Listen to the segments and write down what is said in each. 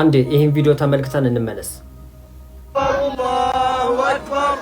አንድ ይህን ቪዲዮ ተመልክተን እንመለስ። አላሁ አክበር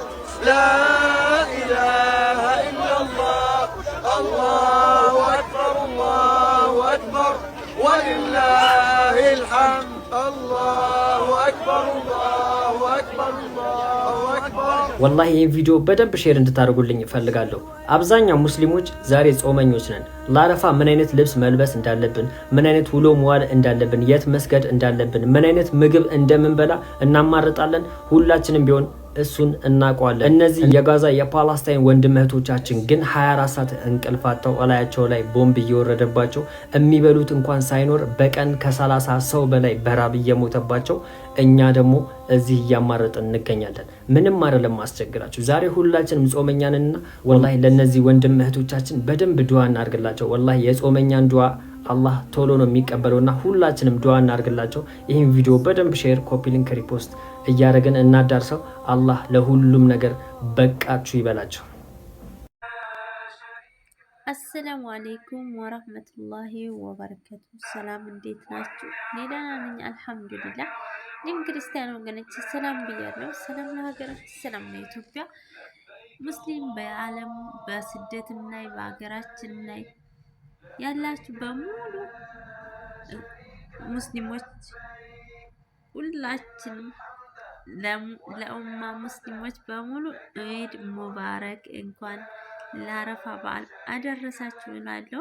ወላሂ ይህ ቪዲዮ በደንብ ሼር እንድታደርጉልኝ እፈልጋለሁ። አብዛኛው ሙስሊሞች ዛሬ ጾመኞች ነን። ለአረፋ ምን አይነት ልብስ መልበስ እንዳለብን፣ ምን አይነት ውሎ መዋል እንዳለብን፣ የት መስገድ እንዳለብን፣ ምን አይነት ምግብ እንደምንበላ እናማርጣለን። ሁላችንም ቢሆን እሱን እናውቀዋለን። እነዚህ የጋዛ የፓላስታይን ወንድም እህቶቻችን ግን 24 ሰዓት እንቅልፍ አጥተው እላያቸው ላይ ቦምብ እየወረደባቸው የሚበሉት እንኳን ሳይኖር በቀን ከ30 ሰው በላይ በራብ እየሞተባቸው እኛ ደግሞ እዚህ እያማረጥን እንገኛለን። ምንም አይደለም አስቸግራችሁ። ዛሬ ሁላችንም ጾመኛንና ወላሂ ለእነዚህ ወንድም እህቶቻችን በደንብ ድዋ እናድርግላቸው። ወላሂ የጾመኛን ድዋ አላህ ቶሎ ነው የሚቀበለው እና ሁላችንም ድዋ እናርግላቸው። ይህን ቪዲዮ በደንብ ሼር፣ ኮፒ ሊንክ፣ ሪፖስት እያደረግን እናዳርሰው። አላህ ለሁሉም ነገር በቃችሁ ይበላቸው። አሰላሙ አሌይኩም ወረህመቱላሂ ወበረከቱ። ሰላም እንዴት ናችሁ? ሌላ ነኝ አልሐምዱሊላህ። እኔም ክርስቲያን ወገኖች ሰላም ብያለሁ። ሰላም ለሀገራችን፣ ሰላም ለኢትዮጵያ ሙስሊም በዓለም በስደትም ላይ በሀገራችን ላይ ያላችሁ በሙሉ ሙስሊሞች ሁላችንም ለኡማ ሙስሊሞች በሙሉ ኢድ ሙባረክ እንኳን ለአረፋ በዓል አደረሳችሁ እላለሁ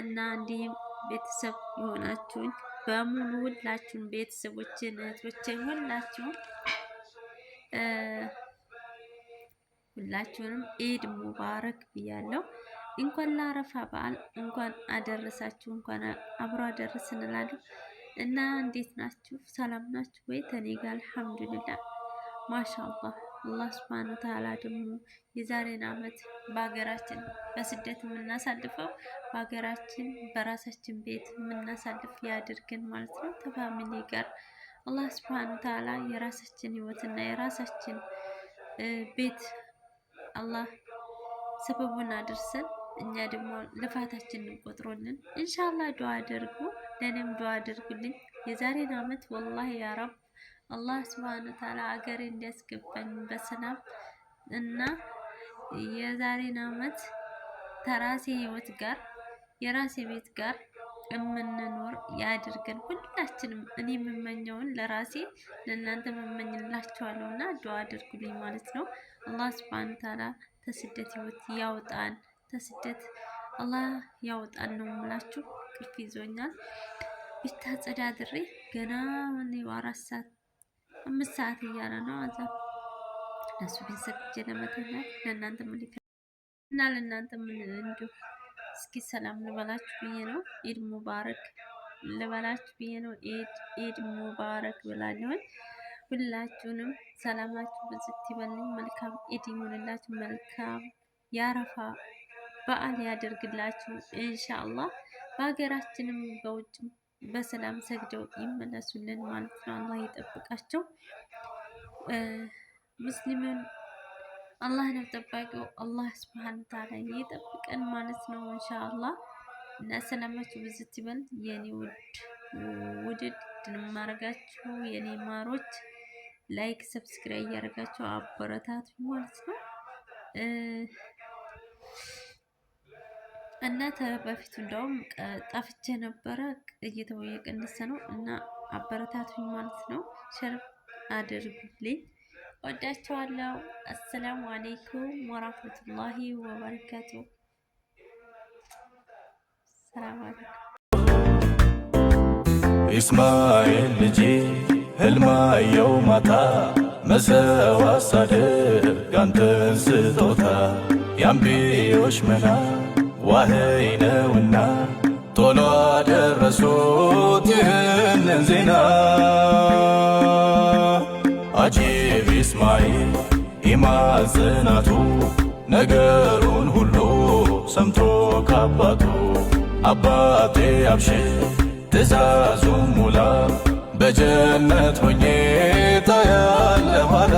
እና እንዲህም ቤተሰብ የሆናችሁኝ በሙሉ ሁላችሁም ቤተሰቦችን እህቶችን ሁላችሁም ሁላችሁንም ኢድ ሙባረክ ብያለሁ። እንኳን ለአረፋ በዓል እንኳን አደረሳችሁ እንኳን አብሮ አደረስ እንላለን እና እንዴት ናችሁ? ሰላም ናችሁ ወይ? ተኔ ጋር አልሐምዱሊላ ማሻአላህ። አላህ ስብሃነ ወተዓላ ደግሞ የዛሬን አመት በሀገራችን በስደት የምናሳልፈው በሀገራችን በራሳችን ቤት የምናሳልፍ ያድርገን ማለት ነው። ተፋሚሊ ጋር አላህ ስብሃነ ወተዓላ የራሳችን ህይወትና የራሳችን ቤት አላህ ሰበቡን አድርሰን እኛ ደግሞ ልፋታችን እንቆጥሮልን እንሻላ ዱዓ አድርጉ። ለእኔም ዱዓ አድርጉልኝ። የዛሬን አመት ወላሂ ያረብ አላህ ስብሃነ ወተዓላ አገሬ እንዲያስገባኝ በሰላም እና የዛሬን አመት ከራሴ ህይወት ጋር የራሴ ቤት ጋር የምንኖር ያድርገን ሁላችንም። እኔ የምመኘውን ለራሴ ለእናንተ መመኝላችኋለሁ እና ዱዓ አድርጉልኝ ማለት ነው። አላህ ስብሃነ ወተዓላ ከስደት ህይወት ያውጣን። ከስደት አላህ ያወጣን ነው የምላችሁ። ቅልፍ ይዞኛል ብታጸዳድሬ ገና ምን አራት ሰዓት አምስት ሰዓት እያለ ነው። አዛ እሱ ቢሰጥጀ ለመተኛት ለእናንተ ምን እና ለእናንተ ምን እንዲሁ እስኪ ሰላም ልበላችሁ ብዬ ነው። ኢድ ሙባረክ ልበላችሁ ብዬ ነው። ኢድ ኢድ ሙባረክ ብላለሁኝ። ሁላችሁንም ሰላማችሁ ብዙ ይበልኝ። መልካም ኢድ ይሁንላችሁ። መልካም ያረፋ በዓል ያደርግላችሁ ኢንሻአላህ። በሀገራችንም በውጭም በሰላም ሰግደው ይመለሱልን ማለት ነው። አላህ ይጠብቃቸው። ሙስሊሙን አላህ ነው ጠባቂው። አላህ ስብሐነ ወተዓላ ይጠብቀን ማለት ነው ኢንሻአላህ። እና ሰላማችሁ ብዝት ይበል የኔ ውድ ውድድ ድንማርጋችሁ የኔ ማሮች፣ ላይክ ሰብስክራይብ እያደረጋችሁ አበረታቱ ማለት ነው። እናት በፊቱ እንደውም ጠፍቼ ነበረ እየተው እየቀነሰ ነው እና አበረታቱኝ ማለት ነው። ሸር አድርጉልኝ። ወዳችኋለሁ። አሰላሙ አሌይኩም ወራህመቱላሂ ወበረካቱ። ሰላም አለይኩም ኢስማኤል ልጄ ህልማየው ማታ መሰዋ ሳድር ጋንተን ስጦታ ያምቢዎች መና ዋህይ ነውና ቶሎ አደረሱት ይህንን ዜና አጂብ ኢስማኤል ኢማጽናቱ ነገሩን ሁሉ ሰምቶ ካባቱ አባቴ አብሽር ትእዛዙ ሙላ በጀነት ሆኜ ታያለ ኋላ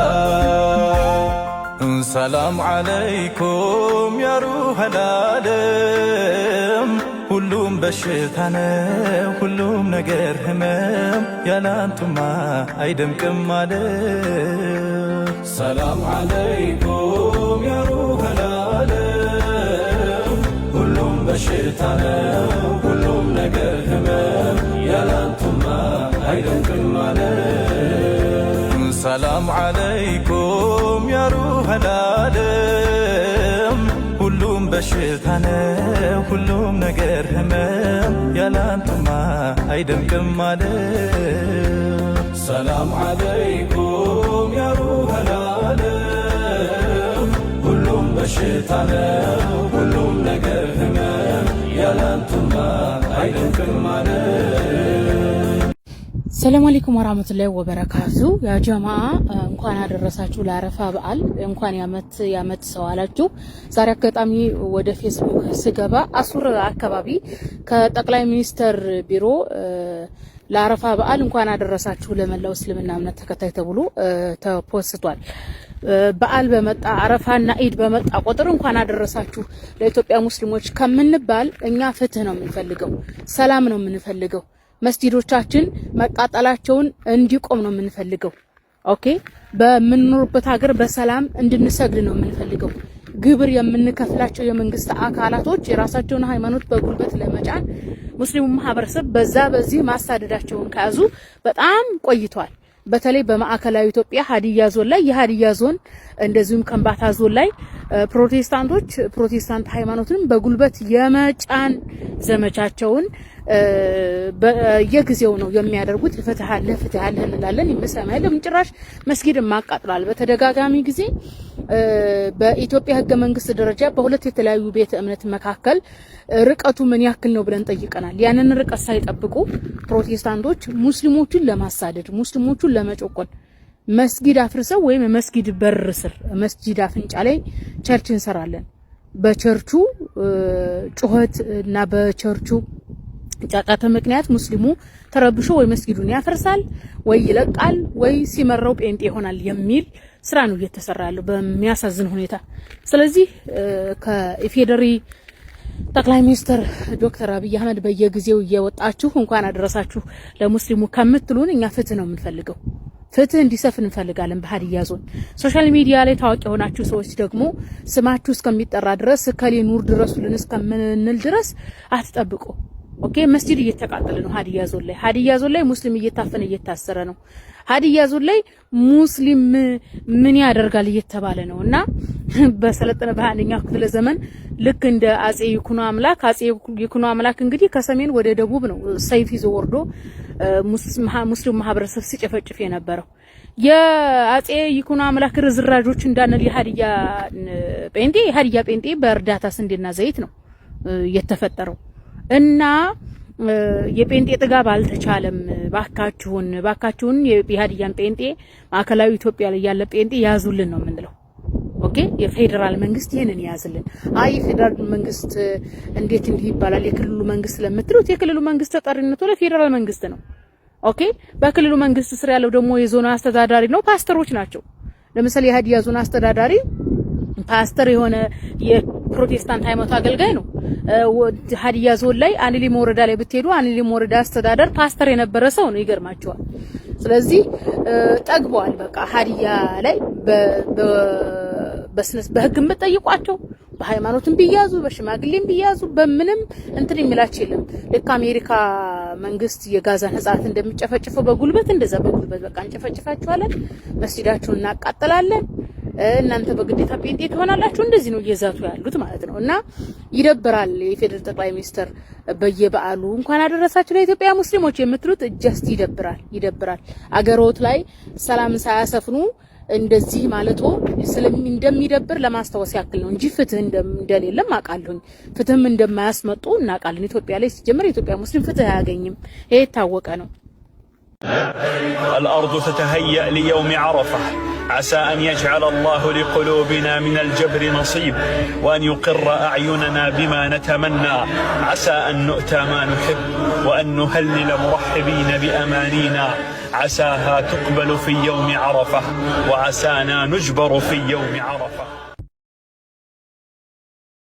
سلام عليكم يا روح العالم كلهم بشتنا كلهم نجر همام يا نانتم ما عيدم كم سلام عليكم يا روح العالم كلهم بشتنا كلهم نجر همام يا نانتم ما عيدم كم سلام عليكم ዳሩ ሀላልም ሁሉም በሽታ ነው፣ ሁሉም ነገር ህመም ያላንተማ አይደምቅም አለም። ሰላም አለይኩም ያሩ ሀላልም ሁሉም በሽታ ነው፣ ሁሉም ነገር ህመም ያላንተማ አይደምቅም አለም። ሰላም አለይኩም ወራህመቱላሂ ወበረካቱ ያ ጀማዓ እንኳን አደረሳችሁ ለአረፋ በዓል እንኳን ያመት ያመት ሰው አላችሁ። ዛሬ አጋጣሚ ወደ ፌስቡክ ስገባ አሱር አካባቢ ከጠቅላይ ሚኒስተር ቢሮ ለአረፋ በዓል እንኳን አደረሳችሁ ለመላው እስልምና እምነት ተከታይ ተብሎ ተፖስቷል። በዓል በመጣ አረፋና ኢድ በመጣ ቁጥር እንኳን አደረሳችሁ ለኢትዮጵያ ሙስሊሞች ከምንባል እኛ ፍትህ ነው የምንፈልገው፣ ሰላም ነው የምንፈልገው። መስጂዶቻችን መቃጠላቸውን እንዲቆም ነው የምንፈልገው። ኦኬ በምንኖርበት ሀገር በሰላም እንድንሰግድ ነው የምንፈልገው። ግብር የምንከፍላቸው የመንግስት አካላቶች የራሳቸውን ሃይማኖት በጉልበት ለመጫን ሙስሊሙ ማህበረሰብ በዛ በዚህ ማሳደዳቸውን ከያዙ በጣም ቆይቷል። በተለይ በማዕከላዊ ኢትዮጵያ ሀዲያ ዞን ላይ የሀዲያ ዞን እንደዚሁም ከምባታ ዞን ላይ ፕሮቴስታንቶች ፕሮቴስታንት ሃይማኖትንም በጉልበት የመጫን ዘመቻቸውን በየጊዜው ነው የሚያደርጉት። ፍትህ አለ ፍትህ እንላለን። ይመሰማል። ጭራሽ መስጊድ ማቃጥላል በተደጋጋሚ ጊዜ በኢትዮጵያ ህገ መንግስት ደረጃ በሁለት የተለያዩ ቤተ እምነት መካከል ርቀቱ ምን ያክል ነው ብለን ጠይቀናል። ያንን ርቀት ሳይጠብቁ ፕሮቴስታንቶች ሙስሊሞቹን ለማሳደድ ሙስሊሞቹን ለመጮቆን መስጊድ አፍርሰው ወይም የመስጊድ በር ስር መስጊድ አፍንጫ ላይ ቸርች እንሰራለን፣ በቸርቹ ጩኸት እና በቸርቹ ጫጫተ ምክንያት ሙስሊሙ ተረብሾ ወይ መስጊዱን ያፈርሳል ወይ ይለቃል ወይ ሲመራው ጴንጤ ይሆናል የሚል ስራ ነው እየተሰራ ያለው በሚያሳዝን ሁኔታ። ስለዚህ ከኢፌዴሪ ጠቅላይ ሚኒስትር ዶክተር አብይ አህመድ በየጊዜው እየወጣችሁ እንኳን አደረሳችሁ ለሙስሊሙ ከምትሉን እኛ ፍትህ ነው የምንፈልገው። ፍትህ እንዲሰፍን እንፈልጋለን በሀዲያ ዞን። ሶሻል ሚዲያ ላይ ታዋቂ የሆናችሁ ሰዎች ደግሞ ስማችሁ እስከሚጠራ ድረስ ከሌ ኑር ድረሱልን እስከምንል ድረስ አትጠብቁ። ኦኬ መስጂድ እየተቃጠለ ነው። ሀዲያ ዞን ላይ ሀዲያ ዞን ላይ ሙስሊም እየታፈነ እየታሰረ ነው። ሀዲያ ዞን ላይ ሙስሊም ምን ያደርጋል እየተባለ ነው። እና በሰለጠነ በሃያኛው ክፍለ ዘመን ልክ እንደ አጼ ይኩኖ አምላክ አጼ ይኩኖ አምላክ እንግዲህ ከሰሜን ወደ ደቡብ ነው ሰይፍ ይዞ ወርዶ ሙስሊም ማህበረሰብ ሲጨፈጭፍ የነበረው። የአጼ ይኩኖ አምላክ ርዝራጆች እንዳንል የሀዲያ ጴንጤ የሀዲያ ጴንጤ በእርዳታ ስንዴና ዘይት ነው የተፈጠረው። እና የጴንጤ ጥጋብ አልተቻለም። ባካችሁን ባካችሁን የኢህአዲያን ጴንጤ ማዕከላዊ ኢትዮጵያ ላይ ያለ ጴንጤ ያዙልን ነው የምንለው። ኦኬ የፌዴራል መንግስት ይህንን የያዝልን። አይ የፌዴራል መንግስት እንዴት እንዲህ ይባላል የክልሉ መንግስት ለምትሉት የክልሉ መንግስት ተጠሪነቱ ለፌዴራል መንግስት ነው። ኦኬ በክልሉ መንግስት ስር ያለው ደግሞ የዞን አስተዳዳሪ ነው፣ ፓስተሮች ናቸው። ለምሳሌ የሀዲያ ዞን አስተዳዳሪ ፓስተር የሆነ ፕሮቴስታንት ሃይማኖት አገልጋይ ነው። ሀዲያ ዞን ላይ አንሊም ወረዳ ላይ ብትሄዱ አንሊም ወረዳ አስተዳደር ፓስተር የነበረ ሰው ነው። ይገርማቸዋል። ስለዚህ ጠግበዋል። በቃ ሀዲያ ላይ በስነስ በህግም ብጠይቋቸው በሃይማኖትም ቢያዙ በሽማግሌም ቢያዙ በምንም እንትን የሚላቸው የለም። ልክ አሜሪካ መንግስት የጋዛን ህጻናት እንደሚጨፈጭፈው በጉልበት እንደዛ በጉልበት በቃ እንጨፈጭፋችኋለን፣ መስጂዳችሁን እናቃጥላለን እናንተ በግዴታ ጴንጤ ከሆናላችሁ እንደዚህ ነው እየዛቱ ያሉት ማለት ነው። እና ይደብራል። የፌዴራል ጠቅላይ ሚኒስትር በየበዓሉ እንኳን አደረሳችሁ ለኢትዮጵያ ሙስሊሞች የምትሉት ጀስት ይደብራል፣ ይደብራል። አገሮት ላይ ሰላም ሳያሰፍኑ እንደዚህ ማለቶ እንደሚደብር ለማስታወስ ያክል ነው እንጂ ፍትህ እንደሌለም አውቃለሁኝ። ፍትህም እንደማያስመጡ እናውቃለን። ኢትዮጵያ ላይ ሲጀምር የኢትዮጵያ ሙስሊም ፍትህ አያገኝም። ይሄ የታወቀ ነው። الأرض تتهيأ ليوم عرفة عسى أن يجعل الله لقلوبنا من الجبر نصيب وأن يقر أعيننا بما نتمنى عسى أن نؤتى ما نحب وأن نهلل مرحبين بأمانينا عساها تقبل في يوم عرفة وعسانا نجبر في يوم عرفة